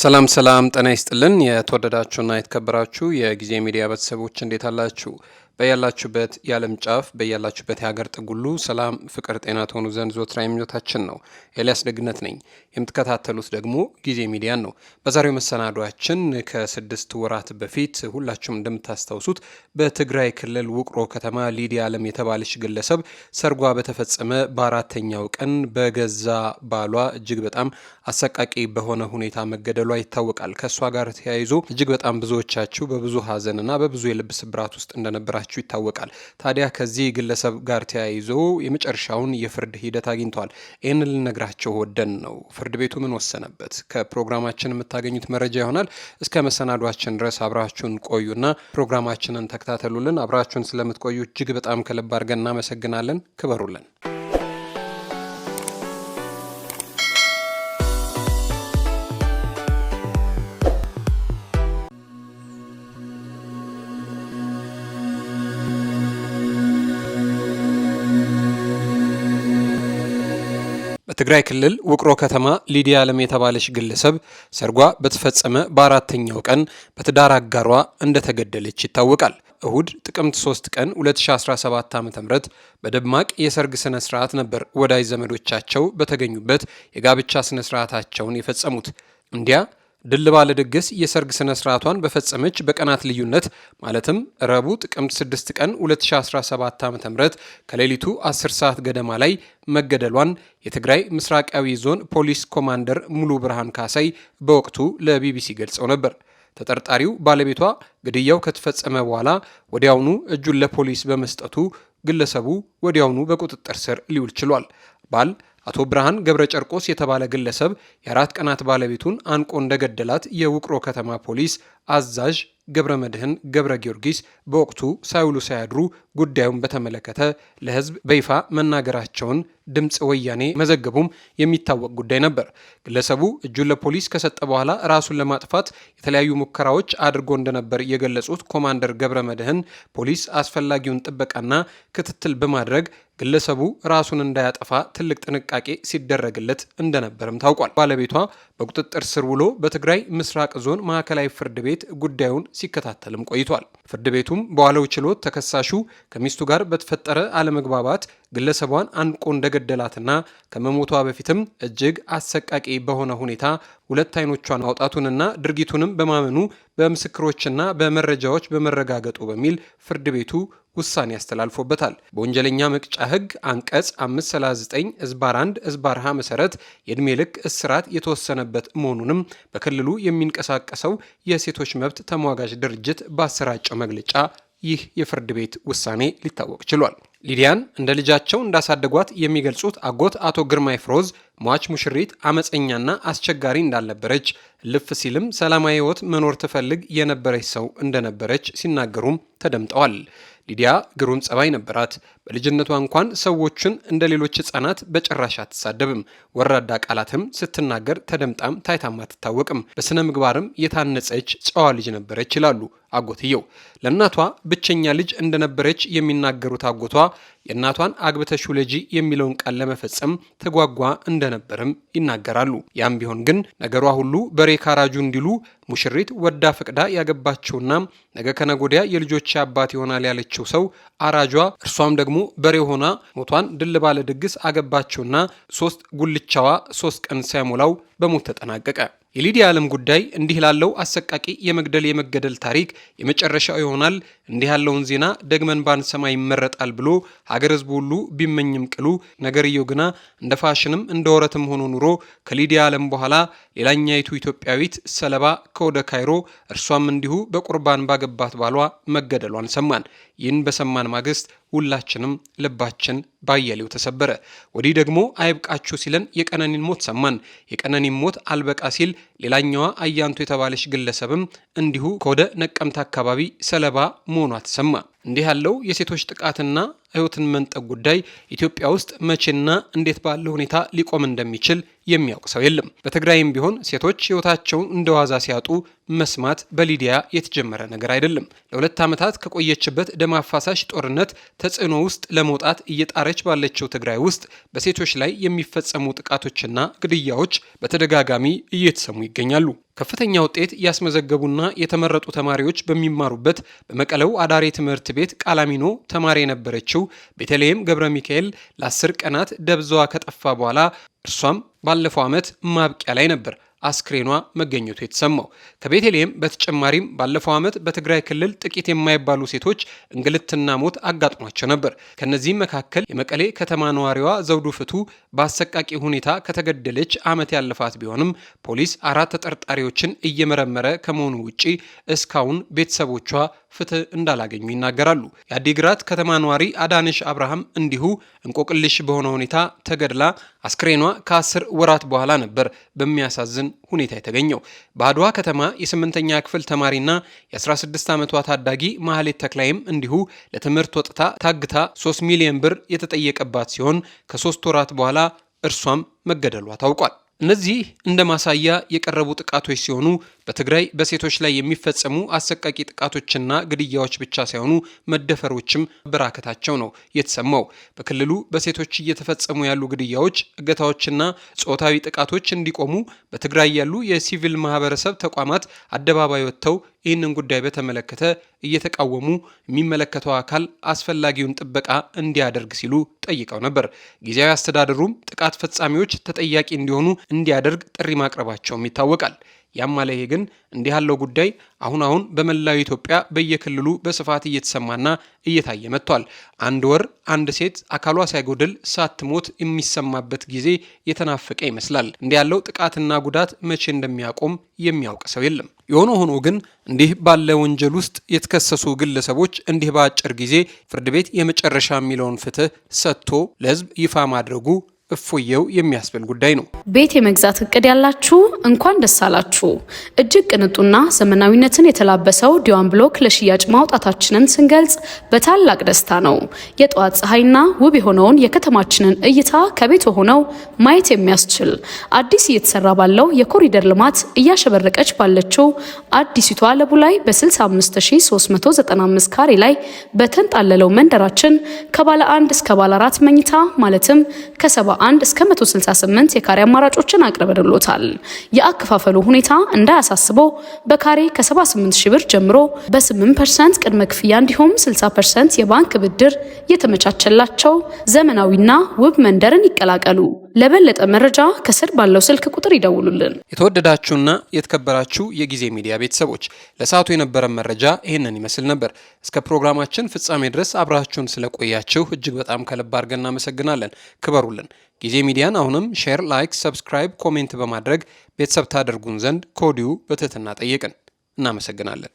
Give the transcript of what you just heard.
ሰላም ሰላም፣ ጤና ይስጥልን የተወደዳችሁና የተከበራችሁ የጊዜ ሚዲያ ቤተሰቦች እንዴት አላችሁ? በያላችሁበት የዓለም ጫፍ በያላችሁበት የሀገር ጥጉሉ ሰላም ፍቅር ጤና ተሆኑ ዘንድ ዞትራ ምኞታችን ነው። ኤልያስ ደግነት ነኝ። የምትከታተሉት ደግሞ ጊዜ ሚዲያን ነው። በዛሬው መሰናዷችን ከስድስት ወራት በፊት ሁላችሁም እንደምታስታውሱት በትግራይ ክልል ውቅሮ ከተማ ሊዲያ ዓለም የተባለች ግለሰብ ሰርጓ በተፈጸመ በአራተኛው ቀን በገዛ ባሏ እጅግ በጣም አሰቃቂ በሆነ ሁኔታ መገደሏ ይታወቃል። ከእሷ ጋር ተያይዞ እጅግ በጣም ብዙዎቻችሁ በብዙ ሀዘንና በብዙ የልብ ስብራት ውስጥ እንደነበራችሁ መሆናቸው ይታወቃል። ታዲያ ከዚህ ግለሰብ ጋር ተያይዞ የመጨረሻውን የፍርድ ሂደት አግኝቷል። ይህን ልነግራቸው ወደን ነው። ፍርድ ቤቱ ምን ወሰነበት? ከፕሮግራማችን የምታገኙት መረጃ ይሆናል። እስከ መሰናዷችን ድረስ አብራችሁን ቆዩና ፕሮግራማችንን ተከታተሉልን። አብራችሁን ስለምትቆዩ እጅግ በጣም ከልብ አድርገን እናመሰግናለን። ክበሩልን። በትግራይ ክልል ውቅሮ ከተማ ሊዲያ ዓለም የተባለች ግለሰብ ሰርጓ በተፈጸመ በአራተኛው ቀን በትዳር አጋሯ እንደተገደለች ይታወቃል። እሁድ ጥቅምት 3 ቀን 2017 ዓ.ም በደማቅ የሰርግ ስነ ስርዓት ነበር ወዳጅ ዘመዶቻቸው በተገኙበት የጋብቻ ስነ ስርዓታቸውን የፈጸሙት። እንዲያ ድል ባለ ድግስ የሰርግ ስነ ስርዓቷን በፈጸመች በቀናት ልዩነት ማለትም ረቡ ጥቅምት 6 ቀን 2017 ዓ ም ከሌሊቱ 10 ሰዓት ገደማ ላይ መገደሏን የትግራይ ምስራቃዊ ዞን ፖሊስ ኮማንደር ሙሉ ብርሃን ካሳይ በወቅቱ ለቢቢሲ ገልጸው ነበር። ተጠርጣሪው ባለቤቷ ግድያው ከተፈጸመ በኋላ ወዲያውኑ እጁን ለፖሊስ በመስጠቱ ግለሰቡ ወዲያውኑ በቁጥጥር ስር ሊውል ችሏል። ባል አቶ ብርሃን ገብረ ጨርቆስ የተባለ ግለሰብ የአራት ቀናት ባለቤቱን አንቆ እንደገደላት የውቅሮ ከተማ ፖሊስ አዛዥ ገብረ መድህን ገብረ ጊዮርጊስ በወቅቱ ሳይውሉ ሳያድሩ ጉዳዩን በተመለከተ ለህዝብ በይፋ መናገራቸውን ድምፅ ወያኔ መዘገቡም የሚታወቅ ጉዳይ ነበር። ግለሰቡ እጁን ለፖሊስ ከሰጠ በኋላ ራሱን ለማጥፋት የተለያዩ ሙከራዎች አድርጎ እንደነበር የገለጹት ኮማንደር ገብረ መድህን ፖሊስ አስፈላጊውን ጥበቃና ክትትል በማድረግ ግለሰቡ ራሱን እንዳያጠፋ ትልቅ ጥንቃቄ ሲደረግለት እንደነበርም ታውቋል። ባለቤቷ በቁጥጥር ስር ውሎ በትግራይ ምስራቅ ዞን ማዕከላዊ ፍርድ ቤት ጉዳዩን ሲከታተልም ቆይቷል። ፍርድ ቤቱም በዋለው ችሎት ተከሳሹ ከሚስቱ ጋር በተፈጠረ አለመግባባት ግለሰቧን አንቆ እንደገደላትና ከመሞቷ በፊትም እጅግ አሰቃቂ በሆነ ሁኔታ ሁለት አይኖቿን ማውጣቱንና ድርጊቱንም በማመኑ በምስክሮችና በመረጃዎች በመረጋገጡ በሚል ፍርድ ቤቱ ውሳኔ ያስተላልፎበታል። በወንጀለኛ መቅጫ ሕግ አንቀጽ 539 እዝባር 1 እዝባር ሀ መሰረት የዕድሜ ልክ እስራት የተወሰነበት መሆኑንም በክልሉ የሚንቀሳቀሰው የሴቶች መብት ተሟጋጅ ድርጅት ባሰራጨው መግለጫ ይህ የፍርድ ቤት ውሳኔ ሊታወቅ ችሏል። ሊዲያን እንደ ልጃቸው እንዳሳደጓት የሚገልጹት አጎት አቶ ግርማይ ፍሮዝ ሟች ሙሽሪት አመፀኛና አስቸጋሪ እንዳልነበረች ልፍ ሲልም ሰላማዊ ሕይወት መኖር ትፈልግ የነበረች ሰው እንደነበረች ሲናገሩም ተደምጠዋል። ሊዲያ ግሩም ጸባይ ነበራት። በልጅነቷ እንኳን ሰዎቹን እንደ ሌሎች ህጻናት በጭራሽ አትሳደብም። ወራዳ ቃላትም ስትናገር ተደምጣም ታይታም አትታወቅም። በሥነ ምግባርም የታነጸች ጨዋ ልጅ ነበረች ይላሉ አጎትየው ለእናቷ ብቸኛ ልጅ እንደነበረች የሚናገሩት አጎቷ የእናቷን አግብተሽ ውለጂ የሚለውን ቃል ለመፈጸም ተጓጓ እንደነበርም ይናገራሉ። ያም ቢሆን ግን ነገሯ ሁሉ በሬ ካራጁ እንዲሉ ሙሽሪት ወዳ ፈቅዳ ያገባቸውና ነገ ከነጎዲያ የልጆች አባት ይሆናል ያለችው ሰው አራጇ፣ እርሷም ደግሞ በሬ ሆና ሞቷን ድል ባለ ድግስ አገባቸውና ሶስት ጉልቻዋ ሶስት ቀን ሳይሞላው በሞት ተጠናቀቀ። የሊዲያ ዓለም ጉዳይ እንዲህ ላለው አሰቃቂ የመግደል የመገደል ታሪክ የመጨረሻው ይሆናል። እንዲህ ያለውን ዜና ደግመን ባንሰማ ይመረጣል ብሎ ሀገር ህዝቡ ሁሉ ቢመኝም ቅሉ ነገርየው ግና እንደ ፋሽንም እንደ ወረትም ሆኖ ኑሮ ከሊዲያ ዓለም በኋላ ሌላኛይቱ ኢትዮጵያዊት ሰለባ ከወደ ካይሮ እርሷም እንዲሁ በቁርባን ባገባት ባሏ መገደሏን ሰማን። ይህን በሰማን ማግስት ሁላችንም ልባችን ባያሌው ተሰበረ። ወዲህ ደግሞ አይብቃችሁ ሲለን የቀነኒን ሞት ሰማን። የቀነኒን ሞት አልበቃ ሲል ሌላኛዋ አያንቱ የተባለች ግለሰብም እንዲሁ ከወደ ነቀምት አካባቢ ሰለባ መሆኗ ተሰማ። እንዲህ ያለው የሴቶች ጥቃትና ሕይወትን መንጠቅ ጉዳይ ኢትዮጵያ ውስጥ መቼና እንዴት ባለ ሁኔታ ሊቆም እንደሚችል የሚያውቅ ሰው የለም። በትግራይም ቢሆን ሴቶች ህይወታቸውን እንደ ዋዛ ሲያጡ መስማት በሊዲያ የተጀመረ ነገር አይደለም። ለሁለት ዓመታት ከቆየችበት ደም አፋሳሽ ጦርነት ተጽዕኖ ውስጥ ለመውጣት እየጣረች ባለችው ትግራይ ውስጥ በሴቶች ላይ የሚፈጸሙ ጥቃቶችና ግድያዎች በተደጋጋሚ እየተሰሙ ይገኛሉ። ከፍተኛ ውጤት ያስመዘገቡና የተመረጡ ተማሪዎች በሚማሩበት በመቀለው አዳሪ ትምህርት ቤት ቃላሚኖ ተማሪ የነበረችው የነበረችው ቤተልሔም ገብረ ሚካኤል ለአስር ቀናት ደብዛዋ ከጠፋ በኋላ እርሷም ባለፈው ዓመት ማብቂያ ላይ ነበር አስክሬኗ መገኘቱ የተሰማው። ከቤተልሔም በተጨማሪም ባለፈው ዓመት በትግራይ ክልል ጥቂት የማይባሉ ሴቶች እንግልትና ሞት አጋጥሟቸው ነበር። ከነዚህም መካከል የመቀሌ ከተማ ነዋሪዋ ዘውዱ ፍቱ በአሰቃቂ ሁኔታ ከተገደለች ዓመት ያለፋት ቢሆንም ፖሊስ አራት ተጠርጣሪዎችን እየመረመረ ከመሆኑ ውጪ እስካሁን ቤተሰቦቿ ፍትህ እንዳላገኙ ይናገራሉ። የአዲግራት ከተማ ነዋሪ አዳነሽ አብርሃም እንዲሁ እንቆቅልሽ በሆነ ሁኔታ ተገድላ አስክሬኗ ከአስር ወራት በኋላ ነበር በሚያሳዝን ሁኔታ የተገኘው። በአድዋ ከተማ የስምንተኛ ክፍል ተማሪና የ16 ዓመቷ ታዳጊ ማህሌት ተክላይም እንዲሁ ለትምህርት ወጥታ ታግታ 3 ሚሊዮን ብር የተጠየቀባት ሲሆን ከሶስት ወራት በኋላ እርሷም መገደሏ ታውቋል። እነዚህ እንደ ማሳያ የቀረቡ ጥቃቶች ሲሆኑ በትግራይ በሴቶች ላይ የሚፈጸሙ አሰቃቂ ጥቃቶችና ግድያዎች ብቻ ሳይሆኑ መደፈሮችም በራከታቸው ነው የተሰማው። በክልሉ በሴቶች እየተፈጸሙ ያሉ ግድያዎች፣ እገታዎችና ጾታዊ ጥቃቶች እንዲቆሙ በትግራይ ያሉ የሲቪል ማህበረሰብ ተቋማት አደባባይ ወጥተው ይህንን ጉዳይ በተመለከተ እየተቃወሙ የሚመለከተው አካል አስፈላጊውን ጥበቃ እንዲያደርግ ሲሉ ጠይቀው ነበር። ጊዜያዊ አስተዳደሩም ጥቃት ፈጻሚዎች ተጠያቂ እንዲሆኑ እንዲያደርግ ጥሪ ማቅረባቸውም ይታወቃል። ያም ግን እንዲህ ያለው ጉዳይ አሁን አሁን በመላው ኢትዮጵያ በየክልሉ በስፋት እየተሰማና እየታየ መጥቷል። አንድ ወር አንድ ሴት አካሏ ሳይጎድል ሳትሞት የሚሰማበት ጊዜ የተናፈቀ ይመስላል። እንዲህ ያለው ጥቃትና ጉዳት መቼ እንደሚያቆም የሚያውቅ ሰው የለም። የሆነ ሆኖ ግን እንዲህ ባለ ወንጀል ውስጥ የተከሰሱ ግለሰቦች እንዲህ በአጭር ጊዜ ፍርድ ቤት የመጨረሻ የሚለውን ፍትህ ሰጥቶ ለህዝብ ይፋ ማድረጉ እፎየው የሚያስብል ጉዳይ ነው። ቤት የመግዛት እቅድ ያላችሁ እንኳን ደስ አላችሁ። እጅግ ቅንጡና ዘመናዊነትን የተላበሰው ዲዋን ብሎክ ለሽያጭ ማውጣታችንን ስንገልጽ በታላቅ ደስታ ነው። የጠዋት ፀሐይና ውብ የሆነውን የከተማችንን እይታ ከቤት ሆነው ማየት የሚያስችል አዲስ እየተሰራ ባለው የኮሪደር ልማት እያሸበረቀች ባለችው አዲሲቷ ለቡ ላይ በ65395 ካሬ ላይ በተንጣለለው መንደራችን ከባለ አንድ እስከ ባለ አራት መኝታ ማለትም ከሰባ 1 እስከ 168 የካሬ አማራጮችን አቅርበንሎታል። የአከፋፈሉ ሁኔታ እንዳያሳስበው በካሬ ከ78 ሺ ብር ጀምሮ በ8 ፐርሰንት ቅድመ ክፍያ እንዲሁም 60 ፐርሰንት የባንክ ብድር የተመቻቸላቸው ዘመናዊና ውብ መንደርን ይቀላቀሉ። ለበለጠ መረጃ ከስር ባለው ስልክ ቁጥር ይደውሉልን። የተወደዳችሁና የተከበራችሁ የጊዜ ሚዲያ ቤተሰቦች ለሰዓቱ የነበረን መረጃ ይህንን ይመስል ነበር። እስከ ፕሮግራማችን ፍጻሜ ድረስ አብራችሁን ስለቆያችሁ እጅግ በጣም ከልብ አድርገን እናመሰግናለን። ክበሩልን። ጊዜ ሚዲያን አሁንም ሼር፣ ላይክ፣ ሰብስክራይብ፣ ኮሜንት በማድረግ ቤተሰብ ታደርጉን ዘንድ ከወዲሁ በትህትና ጠየቅን። እናመሰግናለን።